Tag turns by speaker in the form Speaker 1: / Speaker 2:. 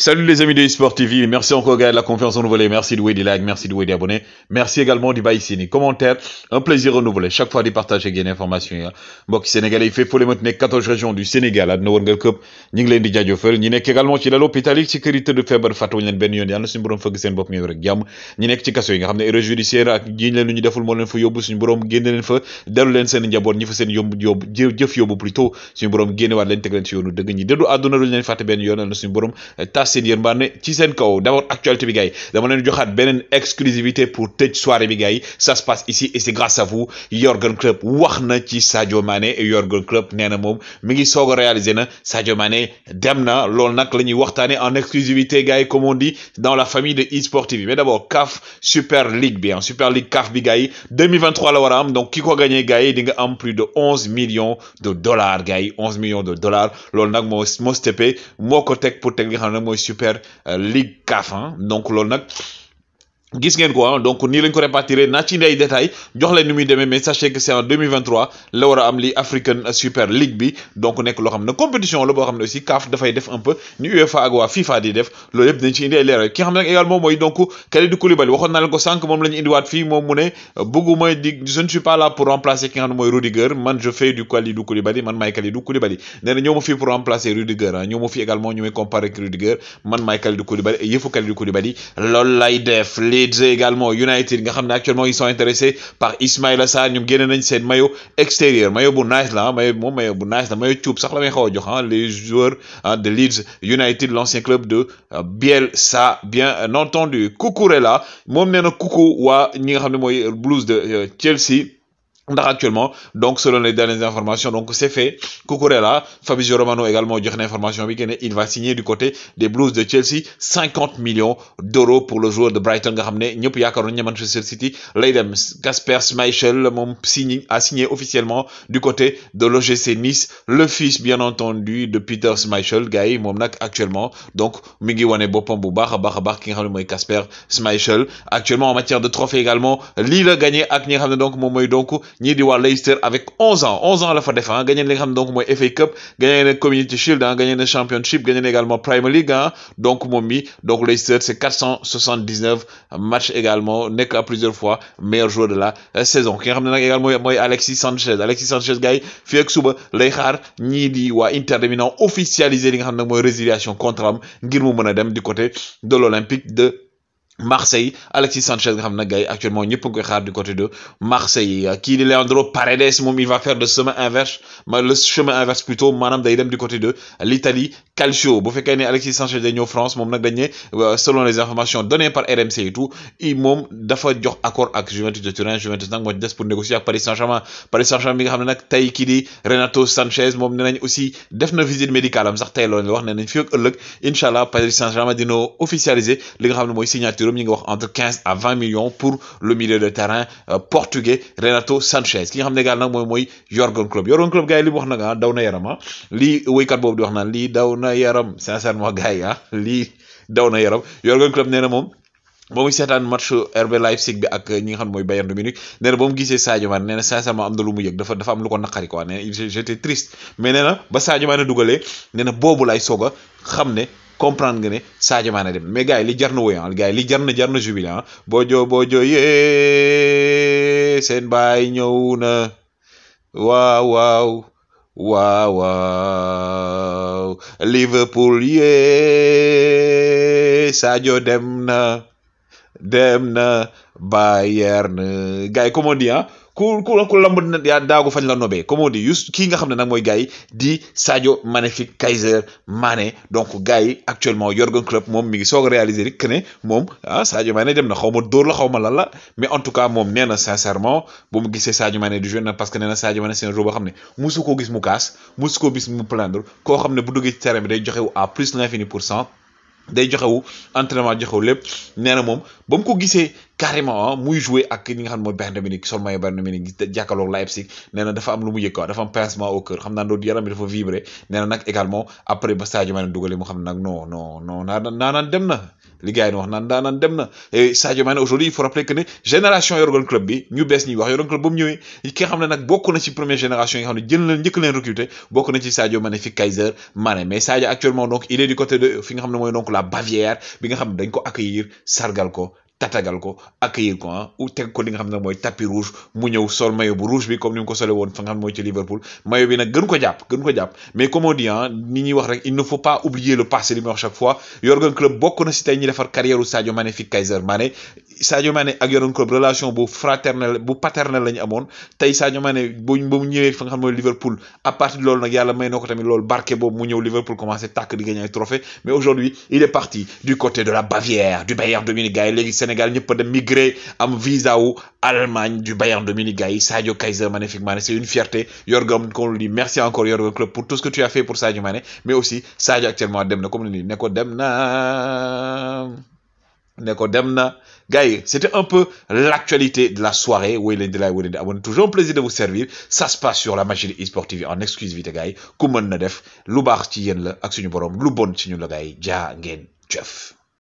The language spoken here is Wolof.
Speaker 1: Salut les amis de eSport TV, merci encore gars de la confiance renouvelée, merci de des likes, merci de des abonnés, merci également de baisser les commentaires, un plaisir renouvelé, chaque fois de partager des informations. Hein. Mbok Sénégalais, il fait faut les maintenir 14 régions du Sénégal, à Nouvelle Cup, ñi ngi leen di jaajëfal ñi nekk également ci lal hôpital yi sécurité de feebar fàttuwuñ leen benn yoon yàlla suñu borom fëgg seen bopp ñu rek jàmm ñi nekk ci kaso yi nga xam ne judiciaire ak jiñ leen lu ñu deful moo leen fa yóbbu suñu borom génne leen fa dellu leen seen njaboot ñi fa seen yóbbu yóbbu jëf yóbbu plutôt suñu borom génnewaat leen teg leen ci yoonu dëgg ñi dëddu àdduna duñ leen fàtte benn yoon yàlla suñu borom eh, c'est yéen mbaane ci sen d'abord actualité bi gars dama exclusivité pour cette soirée bi gars ça se passe ici et c'est grâce à vous Jorgen Club waxna ci Sadio Mané Jürgen Club, nee na moom mi ngi sogo réaliser na Sadio Mané demna na nak lañuy en exclusivité comme on dit dans la famille de e-sport TV mais d'abord CAF Super League bien. Hein. Super League CAF bi 2023 la donc kiko gagner gagné di nga am plus de 11 millions de dollars gars 11 millions de dollars l'olnak nak mo Mostepe moo moko tek pour tek nga super euh, Ligue CAF donc l'on a gis ngeen ko ah donc nii lañ ko répartir naa ci ay détails jox leen ni muy demee mais sachez que c'est en 2023 la war a am li African Super League bi donc nekk loo xam ne compétition la boo xam ne aussi CAF dafay def un peu ni UEFA ak waa FIFA di def loolu yëpp dañ ci indi ay leeral ki nga xam ne également mooy donc Kalidou Koulibaly waxoon naa leen ko sànq moom la ñu indiwaat fii moom mu ne bëgguma di je ne suis pas là pour remplacer ki nga xam ne mooy Rudiger man je fais du Kalidou Koulibaly man maay Kalidou Koulibaly nee na ñëw ma fii pour remplacer Rudiger ah ñëw ma fii également ñu may comparer ak Rudiger man maay Kalidou Koulibaly yëfu Kalidou Koulibaly loolu lay def Leeds également United nga xamné actuellement ils sont intéressés par Ismaïla Sarr ñum génne nañ seen maillot extérieur mayo bu nice la mayo mo mayo bu nice la mayo cuub sax la xaw jox hein, les joueurs hein, de Leeds United l'ancien club de euh, Bielsa bien entendu Kukurela. mom néna na wa ñi nga xamné moy Blues de euh, Chelsea actuellement donc selon les dernières informations donc c'est fait Kukurela Fabio Romano également dernière information il va signer du côté des Blues de Chelsea 50 millions d'euros pour le joueur de Brighton nga Manchester City lay Casper Smichel a signé officiellement du côté de l'OGC Nice le fils bien entendu de Peter Smichel Gaï, Momnak actuellement donc mi ngi wane Barra bu actuellement en matière de trophée également Lille a gagné donc moom donc ñii di Leicester avec 11 ans 11 ans à la fa def ah gagné li donc FA Cup gagné na Community Shield ah. gagné na Championship gagné également Premier League ah. donc Momi. donc Leicester c'est 479 matchs également n'est à plusieurs fois meilleur joueur de la euh, saison ki nga également Alexis Sanchez Alexis Sanchez gars yi fii ak suba lay xaar ñii di waa Inter de Milan officialiser li nga résiliation contre am ngir mu du côté de l'Olympique de. Marseille Alexis Sanchez nga xam actuellement ñëpp a ngi koy xaar du côté de Marseille kii di Leandro Paredes il va faire le chemin inverse le chemin inverse plutôt madame Daidem du côté de l'Italie Calcio bu fekkee ne Alexis Sanchez de ñëw France moom nag dañ euh, selon les informations données par RMC et tout i moom dafa jox accord ak Juventus de Turin Juventus nag moo des pour négocier ak Paris Saint-Germain Paris Saint-Germain bi nga xam ne di Renato Sanchez moom nee nañ aussi def na visite médicale am sax tey loolu wax nee nañ fii ak Paris Saint-Germain d'Ino officialisé, li nga xam ne signature mbirum ñi ngi wax entre 15 à 20 millions pour le milieu de terrain euh, portugais Renato Sanchez ki nga xam ne gaal nag mooy mooy Klopp Jürgen Klopp gars yi li wax nag ah daw na yaram ah lii wéykat bobu di wax naan lii daw na yaram sincèrement gars yi ah lii daw na yaram Jürgen Klopp nee mom moom ba muy seetaan match RB Leipzig bi ak ñi nga xam moy Bayern de Munich néna na ba mu gisee Sadio Mané néna sincèrement am na lu mu yëg dafa dafa am lu ko naqari quoi néna j'étais triste mais néna ba Sadio Mané dugalee nee na boobu lay soga xamné comprendre nga ne Sadio dem mais gars li jar na woy ah, li jar na jar na jubile ah. boo joo boo joo yee seen baay ñëw na waaw waaw waaw Liverpool yee Sadio dem na dem na Bayern gars yi comme on dit ku ku ku lamb dina yaa daagu fañ la nobee comme on dit yus kii nga xam ne nag mooy gars yi di Sadio magnifique Kaiser Mané donc gars yi actuellement Jürgen Klopp moom mi ngi soog a réaliser rek que moom ah Sadio dem na xaw ma dóor la xaw ma lan la mais en tout cas moom nee na sincèrement bu mu gisee Sadio Mané du jeu na parce que nee na Sadio Mané c'est un joueur xam ne musu koo gis mu kaas musu koo gis mu plaindre koo xam ne bu duggee ci terrain bi day joxe wu à plus l'infini pour cent. day joxewu entraînement joxewu lépp nee na moom ko gisee carrément ah, muy jouer ak xam sol Leipzig nee dafa am lu dafa am pincement au cœur xam yaram bi dafa également après ba non non non li gars yi wax naan daanaan dem na Sadio Mané aujourd'hui il faut rappeler que ne génération yoroon club bi ñu bees ñi wax yoroon club ba mu ñëwee ki nga xam ne nag bokk na ci première génération yi nga xam ne jël leen njëkk leen recruter bokk na ci Sadio Mané fi Kaiser Mané mais Sadio actuellement donc il est du côté de fi nga xam ne mooy donc la Bavière bi nga xam ne dañ ko accueillir sargal ko tatagal ko accueillir ko ah ou teg ko li nga xam moy tapis rouge mu ñew sol maillot bu rouge bi comme ni mu ko solee woon fa nga xam ne ci Liverpool maillot bi nak gën ko japp gën ko japp mais comme on dit ah ni ñi wax rek il ne faut pas oublier le passé li muy wax chaque fois Jürgen club bokku na ci tay ñi defar carrière Sadio Mané fi Kaiser Mané Sadio Mané ak Jürgen club relation bu fraternel bu paternel la amone tay Sadio Mané bu ba mu ñëwee fa nga xam ne Liverpool à partir de loolu nag yàlla may na tamit loolu barké boobu mu ñëw Liverpool commencé tak di gagner ay trophée mais aujourd'hui il est parti du côté de la Bavière du Bayern Dominique gars yi léegi Sénégal ñëpp dem migrer am visa wu Allemagne du Bayern de Munich gars Sadio Kaiser magnifique Mané c'est une fierté Yorgam qu'on lui dit merci encore Jürgen club pour tout ce que tu as fait pour Sadio Mané mais aussi Sadio actuellement dem na comme ni ne ko dem na ne ko dem na gars c'était un peu l'actualité de la soirée où il est de la toujours un plaisir de vous servir ça se passe sur la machine e-sportive en exclusivité gars yi ku mën na def lu baax ci la ak suñu borom lu bon ci la gars J'a ngeen